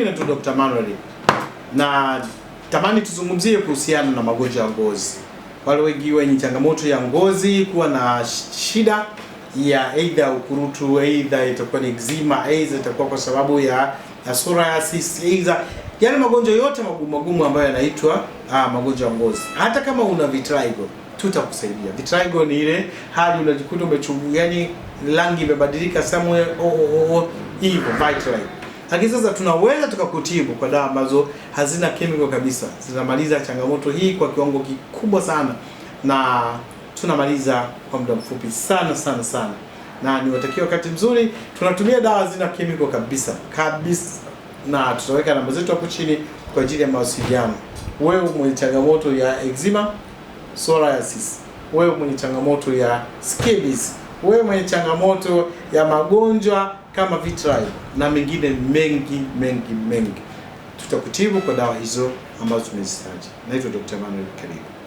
Mimi naitwa Dr. Manuel na tamani tuzungumzie kuhusiana na magonjwa ya ngozi. Wale wengi wenye changamoto ya ngozi kuwa na shida ya aidha ukurutu, aidha itakuwa ni eczema, aidha itakuwa kwa sababu ya, ya psoriasis, aidha yale yaani magonjwa yote magumu magumu ambayo yanaitwa ah, magonjwa ya ngozi. Hata kama una vitiligo tutakusaidia. Vitiligo ni ile hali unajikuta umechungu, yani rangi imebadilika somewhere, oh, oh, oh, oh hivyo vitiligo lakini sasa tunaweza tukakutibu kwa dawa ambazo hazina chemical kabisa, zinamaliza changamoto hii kwa kiwango kikubwa sana, na tunamaliza kwa muda mfupi sana sana sana, na niwatakia wakati mzuri. Tunatumia dawa zina chemical kabisa kabisa, na tutaweka namba zetu hapo chini kwa ajili ya mawasiliano. Wewe mwenye changamoto ya eczema, psoriasis, wewe mwenye changamoto ya scabies wewe mwenye changamoto ya magonjwa kama vitrai na mengine mengi mengi mengi, tutakutibu kwa dawa hizo ambazo tumezitaja. Naitwa Dr. manuel Karibu.